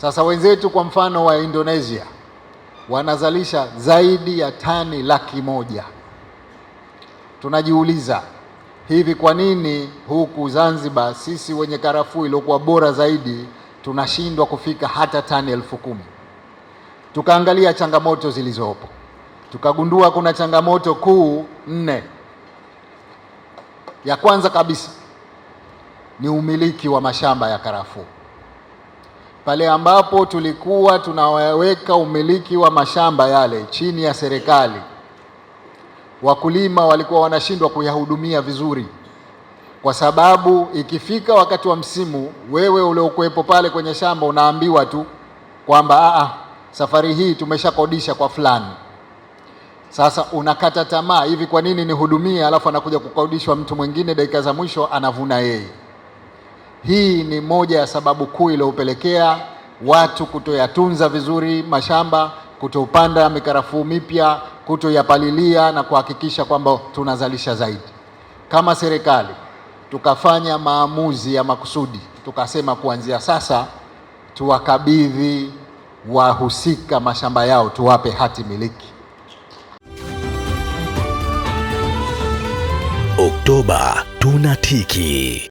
Sasa wenzetu kwa mfano wa Indonesia wanazalisha zaidi ya tani laki moja. Tunajiuliza hivi, kwa nini huku Zanzibar sisi wenye karafuu iliyokuwa bora zaidi tunashindwa kufika hata tani elfu kumi? Tukaangalia changamoto zilizopo, tukagundua kuna changamoto kuu nne. Ya kwanza kabisa ni umiliki wa mashamba ya karafuu pale ambapo tulikuwa tunaweka umiliki wa mashamba yale chini ya serikali, wakulima walikuwa wanashindwa kuyahudumia vizuri, kwa sababu ikifika wakati wa msimu, wewe uliokuwepo pale kwenye shamba unaambiwa tu kwamba a, safari hii tumeshakodisha kwa fulani. Sasa unakata tamaa, hivi kwa nini nihudumie? Alafu anakuja kukodishwa mtu mwingine, dakika za mwisho anavuna yeye. Hii ni moja ya sababu kuu iliyopelekea watu kutoyatunza vizuri mashamba, kutopanda mikarafuu mipya, kutoyapalilia na kuhakikisha kwamba tunazalisha zaidi. Kama serikali tukafanya maamuzi ya makusudi, tukasema kuanzia sasa tuwakabidhi wahusika mashamba yao, tuwape hati miliki. Oktoba tunatiki.